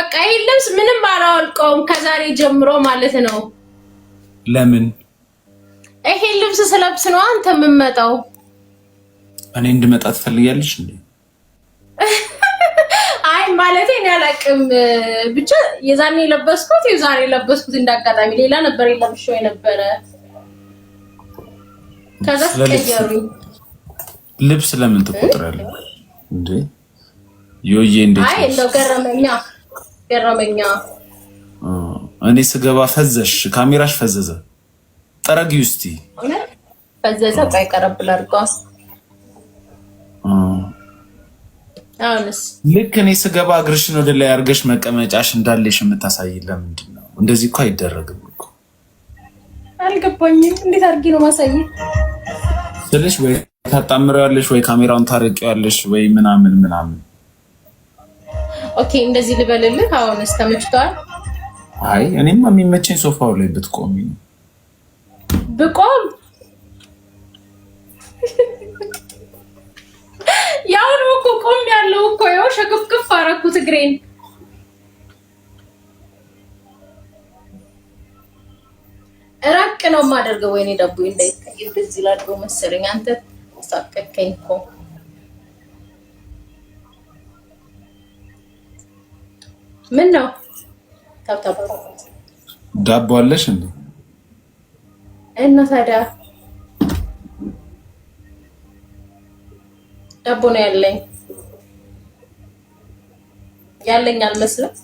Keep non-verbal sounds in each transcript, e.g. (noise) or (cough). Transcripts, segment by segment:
በቃ ይህ ልብስ ምንም አላወልቀውም ከዛሬ ጀምሮ ማለት ነው። ለምን ይሄ ልብስ ስለብስ ነው አንተ የምመጣው? እኔ እንድመጣ ትፈልጊያለሽ እንዴ? (laughs) አይ ማለት እኔ አላቅም። ብቻ የዛኔ የለበስኩት የዛሬ የለበስኩት እንዳጋጣሚ ሌላ ነበር የለብሽ ወይ ነበረ። ከዛ ቀየሩኝ። ልብስ ለምን ትቆጥራለህ እንዴ? ዮዬ እንዴት አይ እንደው ገረመኛ ገረመኛ። እኔ ስገባ ፈዘሽ፣ ካሜራሽ ፈዘዘ። ጠረጊ ውስቲ ፈዘዘ። ቆይ ቀረብ ላድርገዋስ። ልክ እኔ ስገባ እግርሽን ወደ ላይ አድርገሽ መቀመጫሽ እንዳለሽ የምታሳይ ለምንድን ነው? እንደዚህ እኮ አይደረግም እኮ። አልገባኝም። እንዴት አድርጌ ነው ስልሽ ወይ ወይ ካሜራውን ታርቂያለሽ ወይ ምናምን ምናምን ኦኬ፣ እንደዚህ ልበልልህ። አሁንስ ተመችቷል? አይ እኔም የሚመቸኝ ሶፋው ላይ ብትቆሚ ነው። ብቆም ያሁን እኮ ቆም ያለው እኮ ያው ሸክፍክፍ አረኩት እግሬን። ራቅ ነው የማደርገው። ወይኔ ደቡ እንዳይታይ እዚህ ላድርገው መሰለኝ። አንተ ሳቀከኝ እኮ ምን ነው ዳቦ አለሽ እንዴ? እና ታዲያ ዳቦ ነው ያለኝ ያለኝ አልመስልም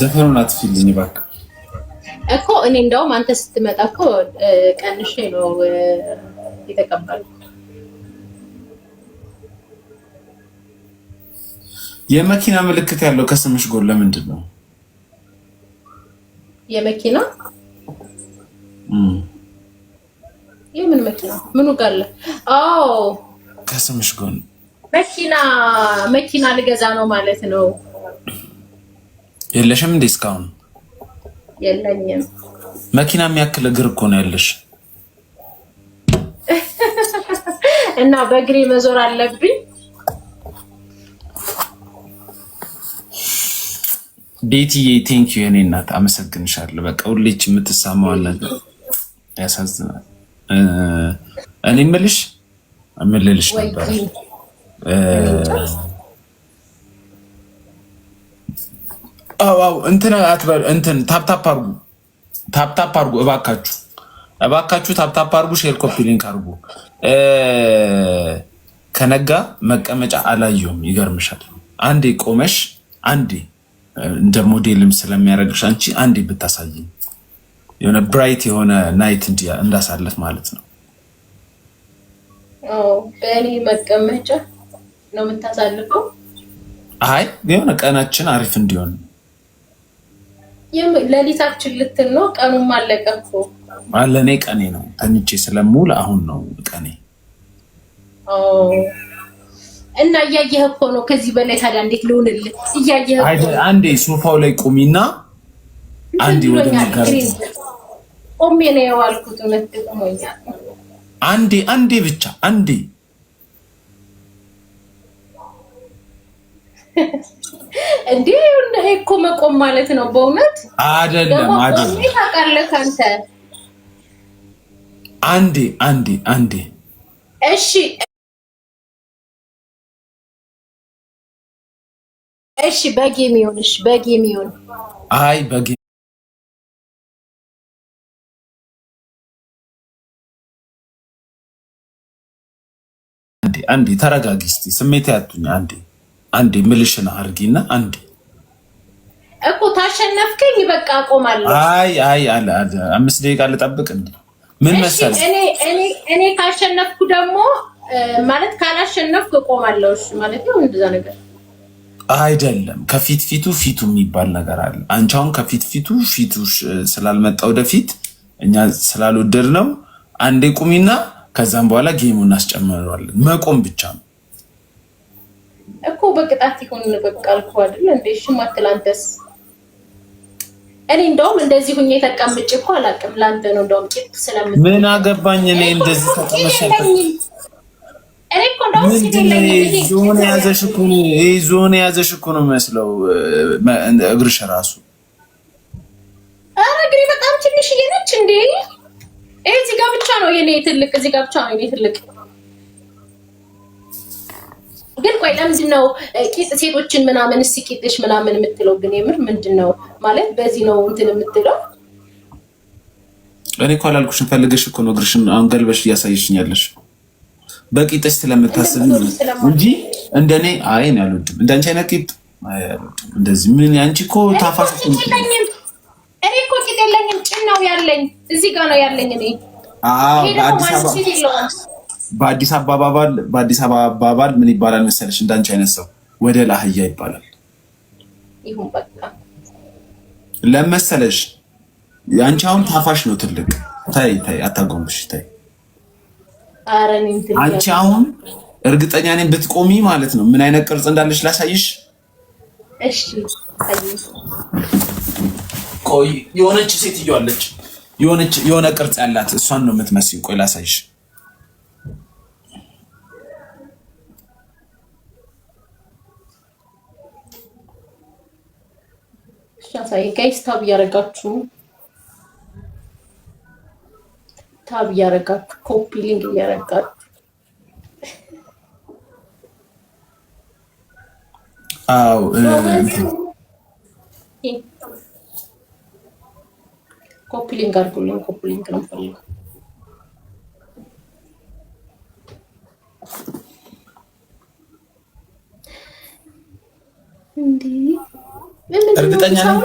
ዘፈኑን አትፊልኝ እባክህ እኮ እኔ እንደውም አንተ ስትመጣ እኮ ቀንሼ ነው የተቀበሉ። የመኪና ምልክት ያለው ከስምሽ ጎን ለምንድን ነው? የመኪና የምን መኪና? ምኑ ጋር አዎ ከስምሽ ጎን መኪና መኪና ልገዛ ነው ማለት ነው። የለሽም እንዴ? እስካሁን የለኝም። መኪና የሚያክል እግር እኮ ነው ያለሽ። እና በእግሬ መዞር አለብኝ። ቤትዬ ቴንክ ዩ የኔ እናት አመሰግንሻለሁ። በቃ ሁሌች የምትሳማዋል ነገር ያሳዝናል። እኔ ምልሽ ምልልሽ ነበር እንትን አትበል እንትን ታፕ ታፕታፕ አርጉ ታፕ አርጉ እባካችሁ እባካችሁ ታፕታፕ አርጉ፣ ሼር ኮፒ ሊንክ አርጉ። ከነጋ መቀመጫ አላየውም። ይገርምሻል። አንዴ ቆመሽ አንዴ እንደ ሞዴልም ስለሚያደርግሽ አንቺ አንዴ ብታሳይኝ የሆነ ብራይት የሆነ ናይት እንዳሳለፍ ማለት ነው። በእኔ መቀመጫ ነው የምታሳልፈው? አይ የሆነ ቀናችን አሪፍ እንዲሆን ለሊታችን ልትል ነው። ቀኑም አለቀ እኮ ለእኔ ቀኔ ነው። ተኝቼ ስለምውል አሁን ነው ቀኔ። እና እያየህ እኮ ነው። ከዚህ በላይ ታዲያ እንዴት ልሆንልህ? እያየህ አንዴ ሶፋው ላይ ቁሚና አንዴ ወደ መጋር ቆሜ ነው የዋልኩት። እውነት ጥቅሞኛል። አንዴ አንዴ ብቻ አንዴ እንዴ እኮ መቆም ማለት ነው። በእውነት አይደለም አይደለም ታውቃለህ አንተ አንዴ አንዴ አንዴ እሺ እሺ በግ የሚሆን እሺ በግ የሚሆን አይ በግ አንዴ አንዴ ተረጋጊ እስቲ ስሜት ያቱኝ አንዴ አንዴ ምልሽን አርጊና አንዴ እኮ ታሸነፍከኝ በቃ አቆማለሁ አይ አይ አለ አለ አምስት ደቂቃ ልጠብቅ እንዴ ምን መሰለህ እኔ ካሸነፍኩ ደግሞ ማለት ካላሸነፍኩ እቆማለሁ ማለት ነው። እንደዛ ነገር አይደለም። ከፊት ፊቱ ፊቱ የሚባል ነገር አለ። አንቺ አሁን ከፊት ፊቱ ፊቱ ስላልመጣ ወደፊት እኛ ስላልወደድ ነው። አንዴ ቁሚና ከዛም በኋላ ጌሙ እናስጨምረዋለን። መቆም ብቻ ነው እኮ በቅጣት ይሆን በቃልኩ አልኩህ አይደል እንዴ ሽማትላንተስ እኔ እንደውም እንደዚህ ሁኜ ተቀምጬ እኮ አላውቅም። ለአንተ ነው እንደውም ጭት ስለምት ምን አገባኝ እኔ እንደዚህ ተቀመሸለኝ። እኔ ዞን የያዘሽ እኮ ነው የሚመስለው እግርሽ ራሱ። ኧረ እግሬ በጣም ትንሽዬ ነች እንዴ! ይሄ እዚህ ጋር ብቻ ነው የኔ ትልቅ፣ እዚህ ጋር ብቻ ነው የኔ ትልቅ። ግን ቆይ ለምንድን ነው ቂጥ ሴቶችን ምናምን እስኪ ቂጥሽ ምናምን የምትለው ግን የምር ምንድን ነው? ማለት በዚህ ነው እንትን የምትለው። እኔ እኮ አላልኩሽም፣ ፈልገሽ እኮ ነው እግርሽን አሁን ገልበሽ እያሳየሽኝ በቂ በቂጥሽ ስለምታስብ እንጂ እንደኔ አይ ነው አልወድም፣ እንደ አንቺ አይነት ቂጥ እንደዚህ ምን አንቺ እኮ ታፋስ እኔ እኮ ቂጥ የለኝም፣ ጭን ነው ያለኝ፣ እዚህ ጋር ነው ያለኝ። እኔ አዎ በአዲስ አባባል በአዲስ አበባ አባባል ምን ይባላል መሰለሽ? እንዳንቺ አይነት ሰው ወደ ላህያ ይባላል። ይሁን በቃ ለመሰለሽ ያንቺ አሁን ታፋሽ ነው ትልቅ። ታይ ታይ፣ አታጎንብሽ። ታይ አንቺ አሁን እርግጠኛ ነኝ ብትቆሚ ማለት ነው ምን አይነት ቅርጽ እንዳለሽ ላሳይሽ። እሺ፣ ቆይ የሆነች ሴትዮ አለች፣ የሆነች የሆነ ቅርጽ ያላት እሷን ነው የምትመስይው። ቆይ ላሳይሽ። ያሳይ ጋይስ። ታብ እያደረጋችሁ ታብ እያደረጋችሁ ኮፒ ሊንክ እያደረጋችሁ አው ኮፒ ሊንክ አድርጉልኝ። ኮፒ ሊንክ ነው የምፈልገው። እንዴ እርግጠኛ ነኝ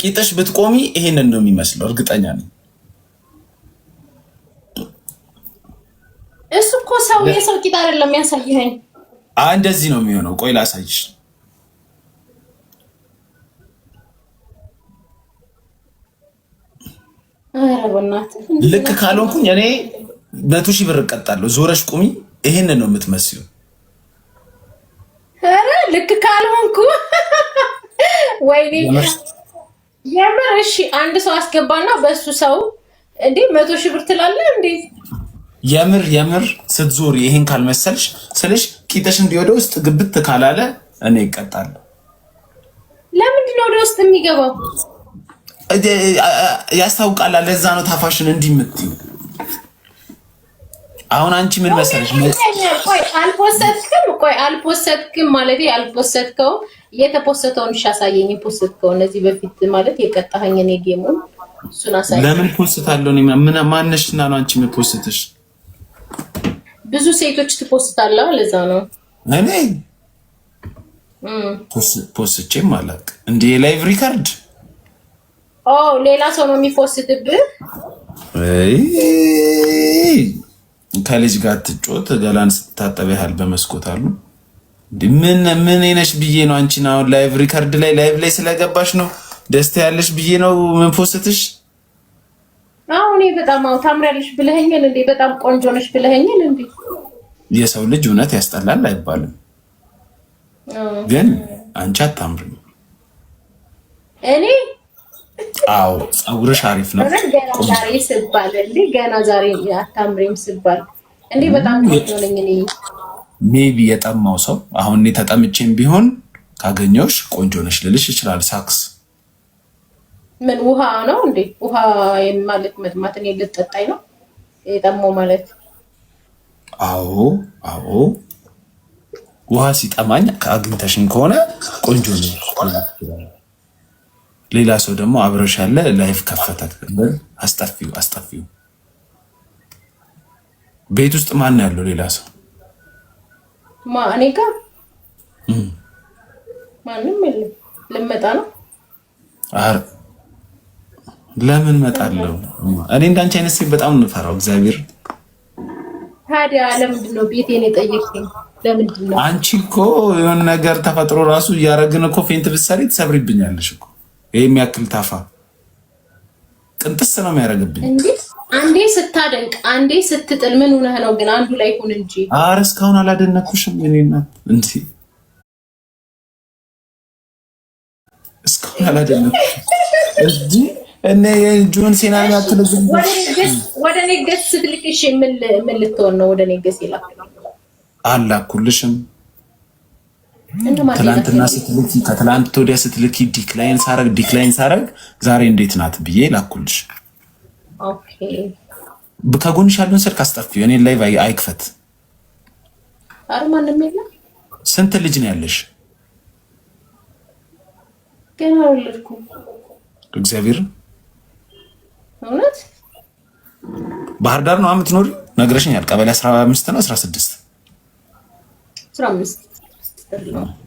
ቂጥሽ ብትቆሚ ይሄንን ነው የሚመስለው። እርግጠኛ ነኝ። እሱ እኮ ሰው የሰው ቂጥ አይደለም ያሳይኸኝ። እንደዚህ ነው የሚሆነው። ቆይ ላሳይሽ። ልክ ካልሆንኩኝ እኔ መቶ ሺህ ብር እቀጣለሁ። ዞረሽ ቁሚ። ይሄንን ነው የምትመስለው። ልክ ካልሆንኩ (laughs) ወይኔ የምር እሺ፣ አንድ ሰው አስገባና በእሱ ሰው እንዴ መቶ ሺህ ብር ትላለህ እንዴ? የምር የምር ስትዞር ይሄን ካልመሰልሽ ስልሽ ቂጥሽ እንዲህ ወደ ውስጥ ግብት ካላለ እኔ ይቀጣል። ለምንድን ነው ወደ ውስጥ የሚገባው? ያስታውቃል። ለዛ ነው ታፋሽን እንዲህ የምትይው አሁን አንቺ ምን መሰለሽ፣ ቆይ አልፖሰትክም፣ ቆይ አልፖሰትክም ማለት አልፖሰትከው፣ የተፖሰተውን እሺ አሳየኝ። የፖሰትከው እነዚህ በፊት ማለት የቀጣኸኝ እኔ ጌሙን እሱን አሳየኝ። ለምን ፖስታለሁ? ምን እና ነው አንቺ የምፖስትሽ? ብዙ ሴቶች ትፖስታለህ፣ ለዛ ነው እኔ ፖስቼም አላውቅም። እንደ ላይቭ ሪካርድ ሌላ ሰው ነው የሚፖስትብህ ከልጅ ጋር ትጮት ገላን ስትታጠብ ያህል በመስኮት አሉ። ምን ምን ነሽ ብዬ ነው አንቺን አሁን ላይቭ ሪከርድ ላይ ላይቭ ላይ ስለገባሽ ነው ደስታ ያለሽ ብዬ ነው ምን አሁን በጣም አው ታምሪያለሽ ብለኸኛል እንዴ? በጣም ቆንጆ ነሽ ብለኸኛል እንዴ? የሰው ልጅ እውነት ያስጠላል አይባልም፣ ግን አንቺ አታምሪም እኔ አዎ ፀጉርሽ አሪፍ ነው። ገና ዛሬ ስባል እንዴ ገና ዛሬ አታምሬም ስባል እንዴ በጣም ነው ነኝ እኔ ሜቢ የጠማው ሰው አሁን እኔ ተጠምቼም ቢሆን ካገኘሁሽ ቆንጆ ነሽ ልልሽ ይችላል። ሳክስ ምን ውሃ ነው እንዴ? ውሃ ማለት መጥማት እኔ ልጠጣኝ ነው የጠማው ማለት? አዎ አዎ፣ ውሃ ሲጠማኝ ከአግኝተሽን ከሆነ ቆንጆ ነው። ሌላ ሰው ደግሞ አብረሽ ያለ ላይፍ ከፈታት አስጠፊው አስጠፊው ቤት ውስጥ ማን ያለው ሌላ ሰው እኔ ጋ ማንም የለም ልመጣ ነው ኧረ ለምን መጣለው እኔ እንዳንቺ አይነት ሴት በጣም እንፈራው እግዚአብሔር ታዲያ ለምንድን ነው ቤቴን የጠየቅኝ ለምንድን ነው አንቺ እኮ የሆነ ነገር ተፈጥሮ ራሱ እያደረግን እኮ ፌንት ብትሰሪ ትሰብሪብኛለሽ እኮ ይህ የሚያክል ታፋ ቅንጥስ ነው የሚያደርግብኝ። አንዴ ስታደንቅ አንዴ ስትጥል ምን ሆነህ ነው? ግን አንዱ ላይ ሆን እንጂ። ኧረ እስካሁን አላደነኩሽም። እኔና እንዲ እስካሁን አላደነኩሽም እንጂ የጆን ጆን ሴና ያክል ወደ ኔገስ ስትልቅ ምን ልትሆን ነው? ወደ ኔገስ ይላል አላኩልሽም ትላንትና ስትልኪ ከትላንት ወዲያ ስትልኪ ዲክላይን ሳረግ ዲክላይን ሳረግ ዛሬ እንዴት ናት ብዬ ላኩልሽ። ከጎንሽ ያለውን ስልክ አስጠፊው። እኔን ላይ አይክፈት። ስንት ልጅ ነው ያለሽ? ገና አልወለድኩም። እግዚአብሔር እውነት ባህር ዳር ነው የምትኖሪ? ነግረሽኛል። ቀበሌ 15 ነው 16嗯。